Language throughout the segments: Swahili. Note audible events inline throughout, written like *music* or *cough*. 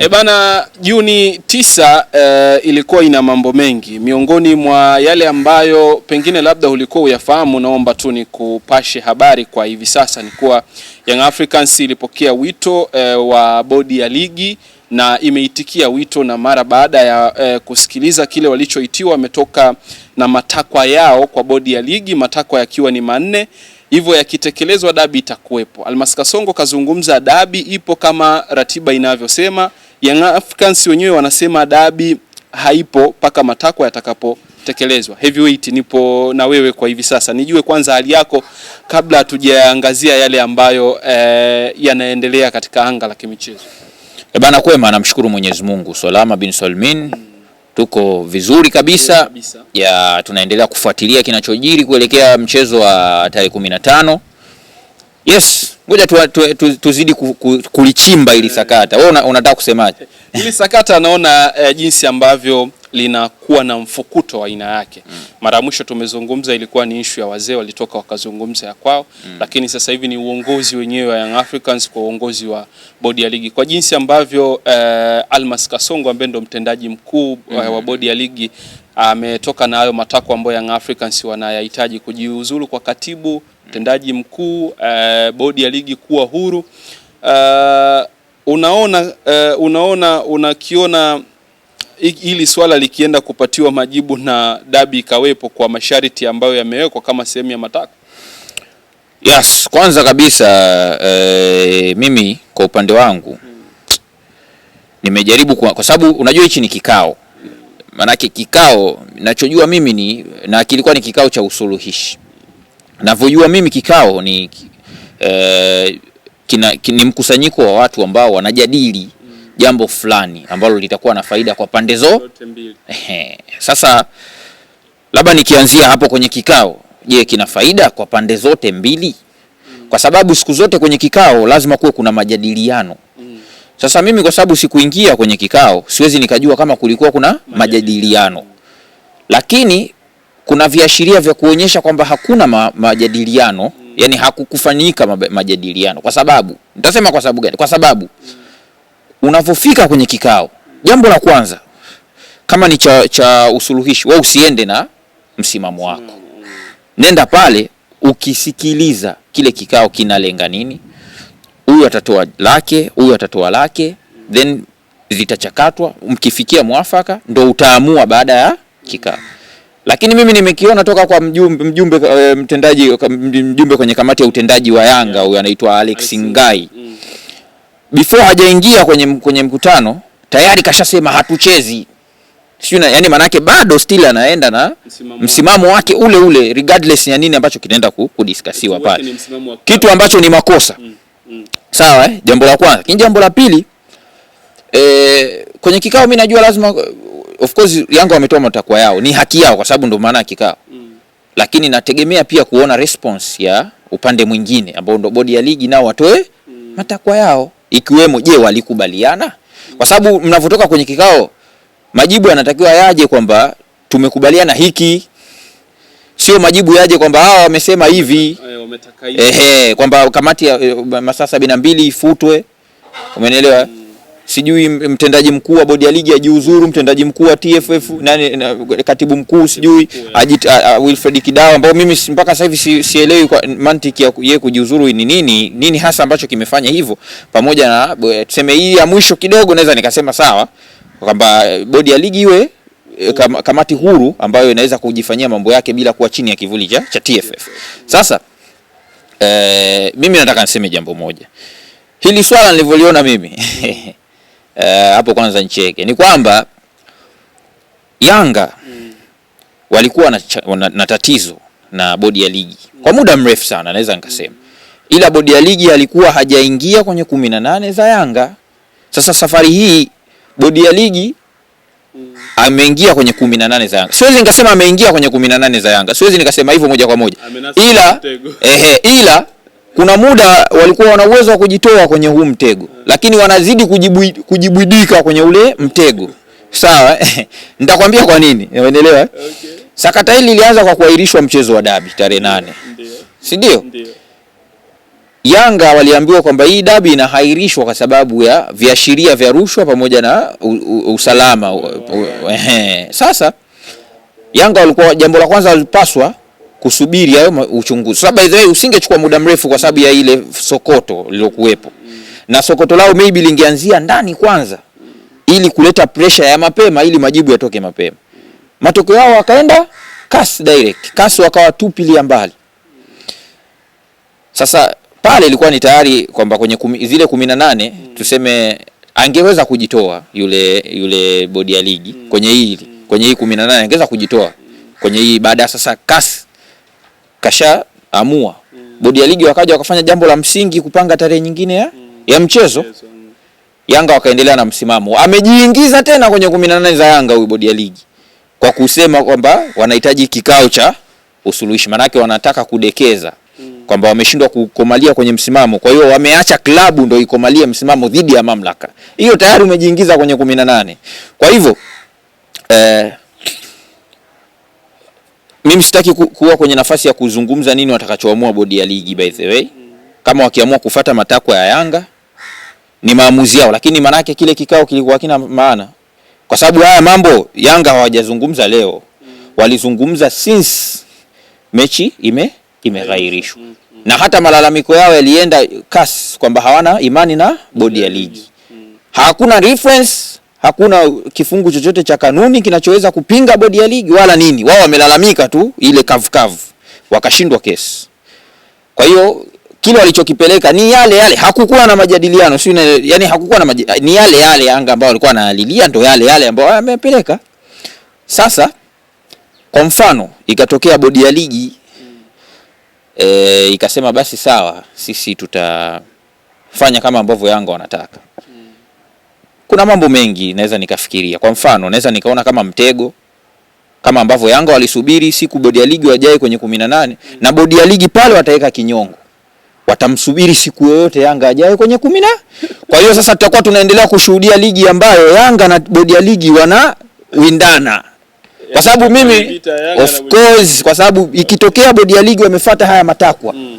E bana, Juni tisa uh, ilikuwa ina mambo mengi. Miongoni mwa yale ambayo pengine labda ulikuwa uyafahamu, naomba tu ni kupashe habari kwa hivi sasa ni kuwa Young Africans ilipokea wito uh, wa bodi ya ligi na imeitikia wito, na mara baada ya uh, kusikiliza kile walichoitiwa, wametoka na matakwa yao kwa bodi ya ligi, matakwa yakiwa ni manne hivyo yakitekelezwa dabi itakuwepo. Almas Kasongo kazungumza, dabi ipo kama ratiba inavyosema. Young Africans wenyewe wanasema dabi haipo mpaka matakwa yatakapotekelezwa. Heavyweight, nipo na wewe kwa hivi sasa, nijue kwanza hali yako kabla hatujaangazia yale ambayo e, yanaendelea katika anga la kimichezo. E bana, kwema, namshukuru Mwenyezi Mungu, Salama bin Salmin Tuko vizuri kabisa, vizuri kabisa. Ya, tunaendelea kufuatilia kinachojiri kuelekea mchezo wa tarehe 15. Yes, ngoja tu, tu, tu, tuzidi ku, ku, kulichimba ili sakata. Wewe una, unataka kusemaje? Ili sakata anaona eh, jinsi ambavyo linakuwa na mfukuto wa aina yake mm. Mara ya mwisho tumezungumza ilikuwa ni ishu ya wazee walitoka wakazungumza ya kwao mm. Lakini sasa hivi ni uongozi wenyewe wa Young Africans kwa uongozi wa bodi ya ligi kwa jinsi ambavyo eh, Almas Kasongo ambaye ndo mtendaji mkuu mm -hmm. wa bodi ya ligi ametoka na hayo matakwa ambayo Young Africans wanayahitaji kujiuzulu kwa katibu mtendaji mkuu, uh, bodi ya ligi kuwa huru uh, eh, unaona uh, unaona unakiona hili swala likienda kupatiwa majibu na dabi ikawepo kwa masharti ambayo yamewekwa kama sehemu ya matako Yes, kwanza kabisa uh, mimi kwa upande wangu nimejaribu kwa, kwa sababu unajua hichi ni kikao, maanake kikao nachojua mimi ni na kilikuwa ni kikao cha usuluhishi navyojua mimi kikao ni e, kina, ni mkusanyiko wa watu ambao wanajadili jambo fulani ambalo litakuwa na faida kwa pande zo Sasa labda nikianzia hapo kwenye kikao, je, kina faida kwa pande zote mbili? Mm. Kwa sababu siku zote kwenye kikao lazima kuwe kuna majadiliano. Mm. Sasa mimi kwa sababu sikuingia kwenye kikao, siwezi nikajua kama kulikuwa kuna majadiliano, lakini kuna viashiria vya kuonyesha kwamba hakuna ma, majadiliano mm. yani hakukufanyika majadiliano. Kwa sababu nitasema kwa sababu gani? Kwa sababu unavyofika kwenye kikao, jambo la kwanza kama ni cha, cha usuluhishi, wewe usiende na msimamo wako, mm, mm. nenda pale ukisikiliza kile kikao kinalenga nini, huyu atatoa lake, huyu atatoa lake, then zitachakatwa, mkifikia mwafaka ndo utaamua baada ya kikao. Lakini mimi nimekiona toka kwa mjumbe, mjumbe, eh, mtendaji, mjumbe kwenye kamati ya utendaji wa Yanga huyu yeah. anaitwa Alex Ngai. mm. Before hajaingia kwenye, kwenye mkutano tayari kashasema hatuchezi. Sio, yani manake bado still anaenda na msimamo, msimamo wake ule ule regardless ya nini ambacho kinaenda kudiskasiwa pale, kitu ambacho ni makosa mm, mm. Sawa eh? Jambo la kwanza. Lakini jambo la pili eh, kwenye kikao mimi najua lazima of course Yanga wametoa matakwa yao, ni haki yao kwa sababu ndo maana akikaa mm. Lakini nategemea pia kuona response ya upande mwingine ambao ndo bodi ya ligi nao watoe mm. matakwa yao ikiwemo, je, walikubaliana mm. kwa sababu mnavotoka kwenye kikao majibu yanatakiwa yaje kwamba tumekubaliana hiki, sio majibu yaje kwamba hawa ah, wamesema eh, hivi ehe, kwamba kamati ya eh, masaa sabini na mbili ifutwe, umenelewa mm sijui mtendaji mkuu wa bodi ya ligi ajiuzuru, mtendaji mkuu wa TFF nani, na, katibu mkuu sijui ajit, a, a, Wilfred Kidao, ambao mimi mpaka sasa hivi si, sielewi kwa mantiki ya yeye kujiuzuru ni nini nini hasa ambacho kimefanya hivyo, pamoja na tuseme hii ya mwisho kidogo naweza nikasema sawa kwamba bodi ya ligi iwe e, kam, kamati huru ambayo inaweza kujifanyia mambo yake bila kuwa chini ya kivuli cha, cha TFF. Sasa e, mimi nataka niseme jambo moja hili swala nilivyoliona mimi *laughs* Eh, hapo. kwanza nicheke ni kwamba Yanga mm. walikuwa na, na, na tatizo na bodi ya ligi mm. kwa muda mrefu sana naweza nikasema mm. ila bodi ya ligi alikuwa hajaingia kwenye kumi na nane za Yanga. Sasa safari hii bodi ya ligi mm. ameingia kwenye kumi na nane za Yanga. Siwezi nikasema ameingia kwenye kumi na nane za Yanga, siwezi nikasema hivyo moja kwa moja, ila ehe, ila kuna muda walikuwa wana uwezo wa kujitoa kwenye huu mtego, lakini wanazidi kujibwidika kwenye ule mtego sawa. *laughs* Nitakwambia kwa nini, umeelewa? Okay. Sakata hili lilianza kwa kuahirishwa mchezo wa dabi tarehe nane, si ndio? Yanga waliambiwa kwamba hii dabi inahairishwa kwa sababu ya viashiria vya rushwa pamoja na u, u, usalama. *laughs* Sasa Yanga walikuwa, jambo la kwanza walipaswa kusubiri hayo uchunguzi. Labda hizo usingechukua muda mrefu kwa sababu ya ile sokoto lilokuwepo. Na sokoto lao maybe lingeanzia ndani kwanza ili kuleta pressure ya mapema ili majibu yatoke mapema. Matokeo yao wakaenda CAS direct. CAS wakawa tupilia mbali. Sasa pale ilikuwa ni tayari kwamba kwenye kumi, zile kumi na nane mm. tuseme angeweza kujitoa yule yule bodi ya ligi mm. kwenye hii kwenye hii kumi na nane angeweza kujitoa kwenye hii baada ya sasa CAS kashaamua mm. Bodi ya ligi wakaja wakafanya jambo la msingi kupanga tarehe nyingine ya, mm. ya mchezo yes, um. Yanga wakaendelea na msimamo, amejiingiza tena kwenye kumi na nane za Yanga huyu bodi ya ligi kwa kusema kwamba wanahitaji kikao cha usuluhishi, manake wanataka kudekeza mm. kwamba wameshindwa kukomalia kwenye msimamo, kwa hiyo wameacha klabu ndio ikomalie msimamo dhidi ya mamlaka hiyo. Tayari umejiingiza kwenye kumi na nane, kwa hivyo eh, mimi sitaki kuwa kwenye nafasi ya kuzungumza nini watakachoamua bodi ya ligi, by the way. Kama wakiamua kufata matakwa ya Yanga ni maamuzi yao, lakini maanake kile kikao kilikuwa kina maana, kwa sababu haya mambo Yanga hawajazungumza leo, walizungumza since mechi ime imeghairishwa, na hata malalamiko yao yalienda kas kwamba hawana imani na bodi ya ligi, hakuna reference hakuna kifungu chochote cha kanuni kinachoweza kupinga bodi ya ligi wala nini. Wao wamelalamika tu ile kavukavu, wakashindwa kesi. Kwa hiyo kile walichokipeleka ni yale yale, hakukuwa na majadiliano si yani hakukuwa na maji, ni yale yale Yanga ambao walikuwa wanalilia, ndo yale yale ambao wamepeleka. Sasa kwa mfano ikatokea bodi ya ligi e, ikasema basi sawa, sisi tutafanya kama ambavyo Yanga wanataka kuna mambo mengi naweza nikafikiria. Kwa mfano, naweza nikaona kama mtego, kama ambavyo Yanga walisubiri siku bodi ya ligi wajae kwenye kumi na nane mm. na bodi ya ligi pale wataweka kinyongo, watamsubiri siku yoyote Yanga ajae kwenye kumi na. Kwa hiyo sasa tutakuwa tunaendelea kushuhudia ligi ambayo Yanga na bodi ya ligi wanawindana kwa sababu mimi of course, kwa sababu ikitokea bodi ya ligi wamefuata haya matakwa mm.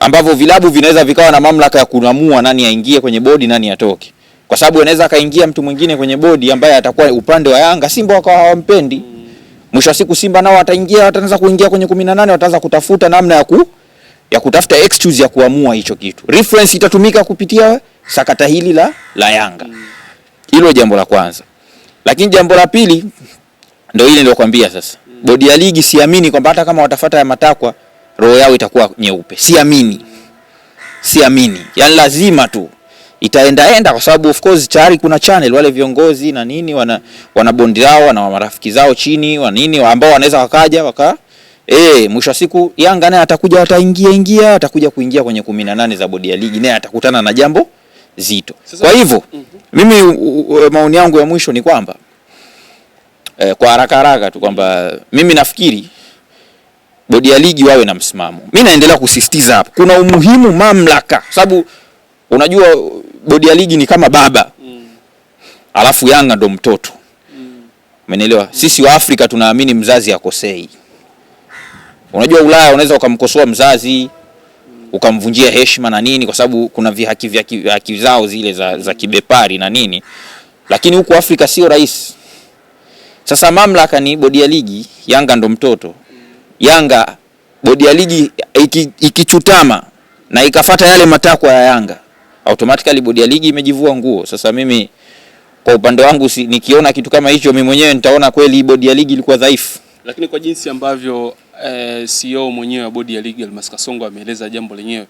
ambavyo vilabu vinaweza vikawa na mamlaka ya kuamua nani aingie kwenye bodi, nani atoke, kwa sababu anaweza akaingia mtu mwingine kwenye bodi ambaye atakuwa upande wa Yanga, Simba wakawa hawampendi. Mwisho wa siku Simba nao wataingia, wataanza kuingia kwenye 18, wataanza kutafuta namna ya ku ya kutafuta excuse ya kuamua hicho kitu. Reference itatumika kupitia sakata hili la la Yanga. Hilo jambo la kwanza. Lakini jambo la pili ndio ile ndio kwambia sasa. Bodi ya ligi siamini kwamba hata kama watafuta ya matakwa roho yao itakuwa nyeupe. Siamini, siamini, yani lazima tu itaendaenda kwa sababu of course tayari kuna channel wale viongozi na nini wana, wana bondi lao na marafiki zao chini wa nini ambao wanaweza wakaja waka eh, mwisho wa siku Yanga naye atakuja ataingia ingia atakuja kuingia kwenye 18 za bodi ya ligi naye atakutana na jambo zito. Kwa hivyo mm -hmm. Mimi maoni yangu ya mwisho ni kwamba eh, kwa haraka haraka tu kwamba mimi nafikiri bodi ya ligi wawe na msimamo. Mi naendelea kusisitiza hapa, kuna umuhimu mamlaka, sababu unajua bodi ya ligi ni kama baba mm. alafu Yanga ndo mtoto mm. Umenielewa? Mm. mm. Sisi wa Afrika tunaamini mzazi akosei. Unajua Ulaya unaweza ukamkosoa mzazi mm. ukamvunjia heshima na nini, kwa sababu kuna vihaki vyake zao zile za, za mm. kibepari na nini, lakini huku Afrika sio rahisi. Sasa mamlaka ni bodi ya ligi, Yanga ndo mtoto Yanga bodi ya ligi ikichutama iki na ikafata yale matakwa ya Yanga, automatically bodi ya ligi imejivua nguo. Sasa mimi kwa upande wangu si, nikiona kitu kama hicho mimi mwenyewe nitaona kweli bodi ya ligi ilikuwa dhaifu, lakini kwa jinsi ambavyo eh, CEO mwenyewe wa bodi ya ligi Almas Kasongo ameeleza jambo lenyewe,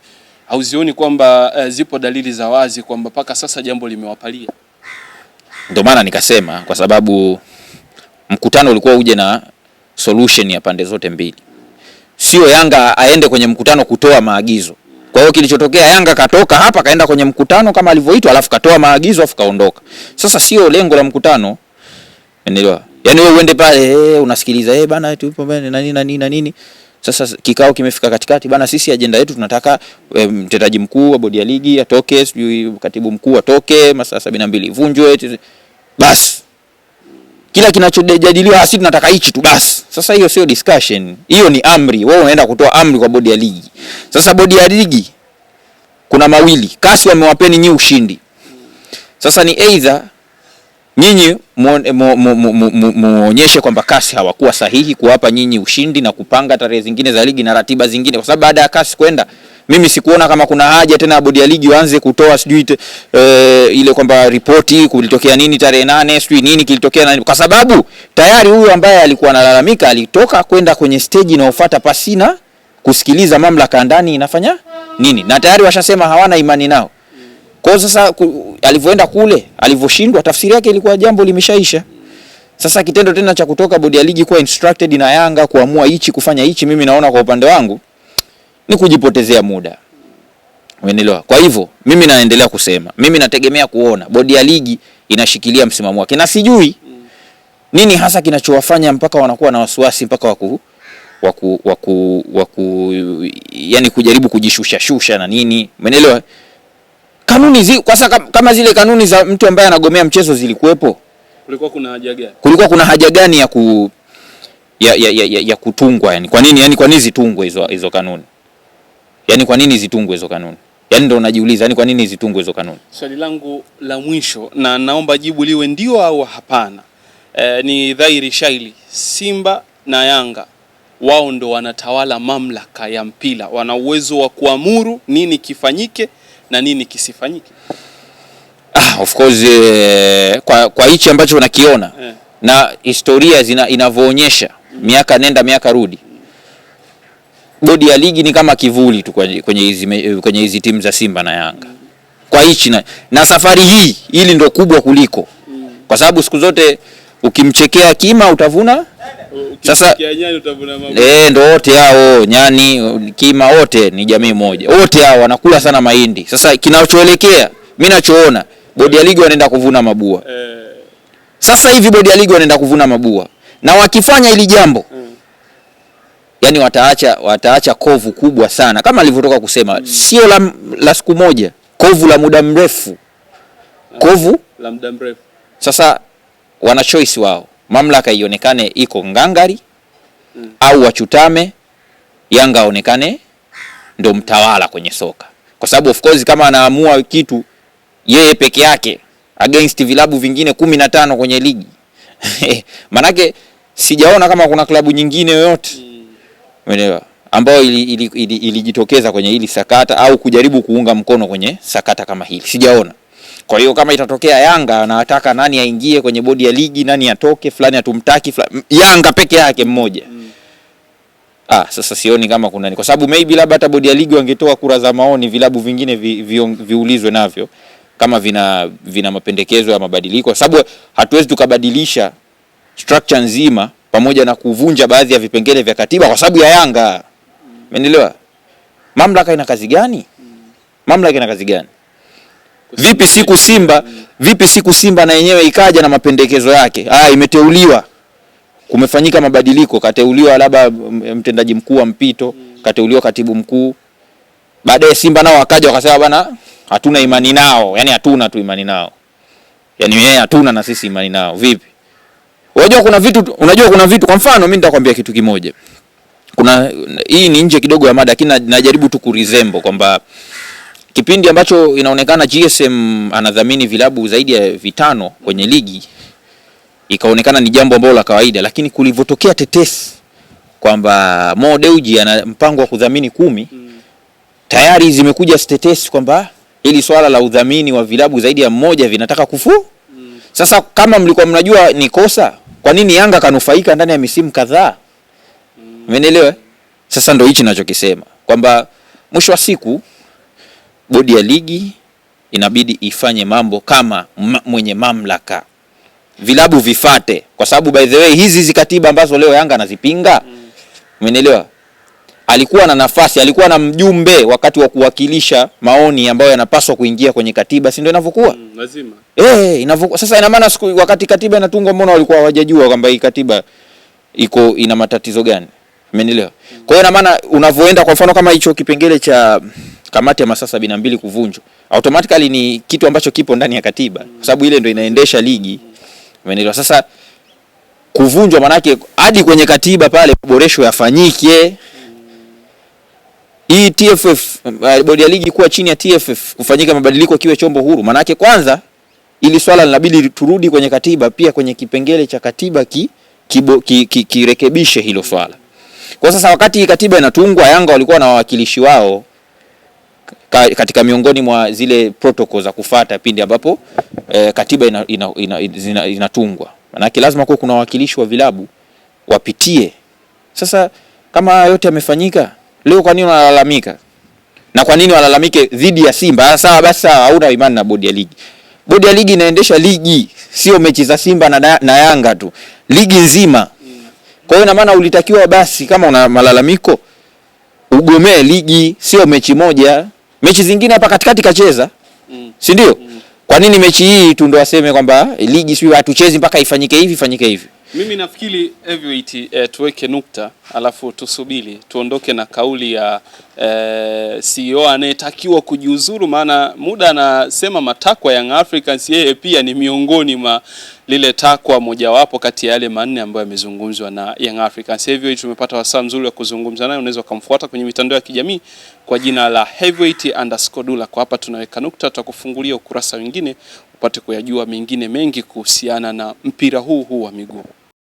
hauzioni kwamba eh, zipo dalili za wazi kwamba mpaka sasa jambo limewapalia? Ndio maana nikasema kwa sababu mkutano ulikuwa uje na solution ya pande zote mbili, sio Yanga aende kwenye mkutano kutoa maagizo. Kwa hiyo kilichotokea, Yanga katoka hapa kaenda kwenye mkutano kama alivyoitwa, alafu katoa maagizo afu kaondoka. Sasa sio lengo la mkutano, unaelewa? Yani wewe uende pale eh, unasikiliza eh, bana tupo bana na nini na nini na nini. Sasa kikao kimefika katikati bana, sisi ajenda yetu tunataka eh, mtendaji mkuu wa bodi ya ligi atoke, sijui katibu mkuu atoke, masaa sabini na mbili ivunjwe basi, kila kinachojadiliwa ah, sisi tunataka hichi tu basi sasa hiyo sio discussion, hiyo ni amri. Wewe unaenda kutoa amri kwa bodi ya ligi. Sasa bodi ya ligi kuna mawili, kasi wamewapeni nyi ushindi. Sasa ni either nyinyi muonyeshe kwamba kasi hawakuwa sahihi kuwapa nyinyi ushindi na kupanga tarehe zingine za ligi na ratiba zingine, kwa sababu baada ya kasi kwenda mimi sikuona kama kuna haja tena bodi ya ligi waanze kutoa sijui e, ile kwamba ripoti kulitokea nini tarehe nane sijui nini kilitokea nani, kwa sababu tayari huyu ambaye alikuwa analalamika alitoka kwenda kwenye stage inayofuata pasina kusikiliza mamlaka ndani inafanya nini, na tayari washasema hawana imani nao. Kwa sasa alivyoenda kule, alivyoshindwa, tafsiri yake ilikuwa jambo limeshaisha. Sasa kitendo tena cha kutoka bodi ya ligi kuwa instructed na Yanga kuamua hichi kufanya hichi, mimi naona kwa upande wangu ni kujipotezea muda. Umeelewa? Kwa hivyo mimi naendelea kusema, mimi nategemea kuona bodi ya ligi inashikilia msimamo wake, na sijui nini hasa kinachowafanya mpaka wanakuwa na wasiwasi mpaka waku waku waku, waku yani kujaribu kujishusha shusha na nini, umeelewa? Kanuni zi, kwa kama zile kanuni za mtu ambaye anagomea mchezo zilikuwepo, kulikuwa kuna haja gani? Kulikuwa kuna haja gani ya ku ya, ya, ya, ya, ya kutungwa yani? Kwa nini yani, kwa nini zitungwe hizo hizo kanuni? Yaani kwa nini zitungwe hizo kanuni? Yaani ndio unajiuliza, yaani kwa nini zitungwe hizo kanuni? Swali langu la mwisho na naomba jibu liwe ndio au hapana. E, ni dhairi shaili Simba na Yanga wao ndo wanatawala mamlaka ya mpira, wana uwezo wa kuamuru nini kifanyike na nini kisifanyike. Ah, of course eh, kwa, kwa hichi ambacho unakiona eh, na historia inavyoonyesha mm, miaka nenda miaka rudi bodi ya ligi ni kama kivuli tu kwenye hizi kwenye hizi timu za Simba na Yanga kwa hichi na, na safari hii hili ndo kubwa kuliko, kwa sababu siku zote ukimchekea kima utavuna. Sasa eh, ndo wote hao nyani kima wote ni jamii moja, wote hao wanakula sana mahindi. Sasa kinachoelekea mimi nachoona bodi ya ligi wanaenda kuvuna mabua. Eh. Sasa hivi bodi ya ligi wanaenda kuvuna mabua, na wakifanya hili jambo mm yani wataacha, wataacha kovu kubwa sana kama alivyotoka kusema mm. Sio la, la siku moja, kovu la muda mrefu, kovu la muda mrefu. Sasa wana choice wao, mamlaka ionekane iko ngangari mm. au wachutame, Yanga aonekane ndo mtawala kwenye soka, kwa sababu of course kama anaamua kitu yeye peke yake against vilabu vingine kumi na tano kwenye ligi *laughs* manake sijaona kama kuna klabu nyingine yoyote mm umeelewa, ambayo ilijitokeza ili, ili, ili kwenye hili sakata au kujaribu kuunga mkono kwenye sakata kama hili sijaona. Kwa hiyo kama itatokea Yanga anataka nani aingie kwenye bodi ya ligi, nani atoke, fulani atumtaki fulani, Yanga peke yake mmoja mm. Ah, sasa sioni kama kuna nini, kwa sababu maybe labda hata bodi ya ligi wangetoa kura za maoni, vilabu vingine vi, vi, viulizwe navyo kama vina, vina mapendekezo ya mabadiliko, kwa sababu hatuwezi tukabadilisha structure nzima pamoja na kuvunja baadhi ya vipengele vya katiba kwa sababu ya Yanga. Umeelewa? Mamlaka ina kazi gani? Mamlaka ina kazi gani? Vipi siku Simba, vipi siku Simba na yenyewe ikaja na mapendekezo yake? Ah, imeteuliwa. Kumefanyika mabadiliko, kateuliwa labda mtendaji mkuu wa mpito, kateuliwa katibu mkuu. Baadaye Simba nao akaja wakasema bana, hatuna imani nao. Yaani hatuna tu imani nao. Yaani yeye hatuna na sisi imani nao. Vipi? Unajua kuna vitu, unajua kuna vitu. Kwa mfano mimi nitakwambia kitu kimoja. Kuna hii ni nje kidogo ya mada, lakini najaribu tu kurizembo kwamba kipindi ambacho inaonekana GSM anadhamini vilabu zaidi ya vitano kwenye ligi ikaonekana ni jambo ambalo la kawaida, lakini kulivyotokea tetesi kwamba Mo Dewji ana mpango wa kudhamini kumi, tayari zimekuja tetesi kwamba ili swala la udhamini wa vilabu zaidi ya mmoja vinataka kufu. Mm. Sasa kama mlikuwa mnajua ni kosa kwa nini Yanga kanufaika ndani ya misimu kadhaa? Umeelewa? Mm. Eh? Sasa ndio hichi ninachokisema kwamba mwisho wa siku bodi ya ligi inabidi ifanye mambo kama mwenye mamlaka, vilabu vifate, kwa sababu by the way hizi hizi katiba ambazo leo Yanga anazipinga, umeelewa? Mm alikuwa na nafasi, alikuwa na mjumbe wakati wa kuwakilisha maoni ambayo yanapaswa kuingia kwenye katiba, si ndio inavyokuwa? Mm, lazima. Eh, inavyokuwa. Sasa ina maana siku wakati katiba inatungwa, mbona walikuwa hawajajua kwamba hii katiba iko ina matatizo gani? Umeelewa? Mm. Kwa hiyo ina maana unavyoenda, kwa mfano kama hicho kipengele cha kamati ya masaa sabini na mbili kuvunjwa, automatically ni kitu ambacho kipo ndani ya katiba mm, kwa sababu ile ndio inaendesha ligi. Umeelewa? Sasa kuvunjwa manake hadi kwenye katiba pale maboresho yafanyike hii TFF eh, bodi ya ligi kuwa chini ya TFF kufanyika mabadiliko kiwe chombo huru. Maana yake kwanza, ili swala linabidi turudi kwenye katiba, pia kwenye kipengele cha katiba ki kirekebishe ki, ki, hilo swala. Kwa sasa wakati katiba inatungwa, Yanga walikuwa na wawakilishi wao katika miongoni mwa zile protocol za kufata pindi ambapo eh, katiba inatungwa ina, ina, ina, ina manake lazima kuwe kuna wawakilishi wa vilabu wapitie. Sasa kama yote yamefanyika Leo kwa nini wanalalamika? Na kwa nini walalamike dhidi ya Simba? Ah, sawa basi sawa, hauna imani na bodi ya ligi. Bodi ya ligi inaendesha ligi, sio mechi za Simba na, na Yanga tu. Ligi nzima. Kwa hiyo ina maana ulitakiwa basi kama una malalamiko ugomee ligi, sio mechi moja. Mechi zingine hapa katikati kacheza. Si ndio? Kwa nini mechi hii tu ndo waseme kwamba eh, ligi sio hatuchezi mpaka ifanyike hivi, ifanyike hivi? Mimi nafikiri Heavyweight e, tuweke nukta alafu tusubiri tuondoke na kauli ya eh, e, CEO anayetakiwa kujiuzuru, maana muda anasema matakwa ya Young Africans, yeye pia ni miongoni mwa lile takwa mojawapo kati ya yale manne ambayo yamezungumzwa na Young Africans. Heavyweight tumepata wasaa mzuri wa kuzungumza naye, unaweza ukamfuata kwenye mitandao ya kijamii kwa jina la Heavyweight_Dullah. Kwa hapa tunaweka nukta, tutakufungulia ukurasa wengine upate kuyajua mengine mengi kuhusiana na mpira huu huu wa miguu.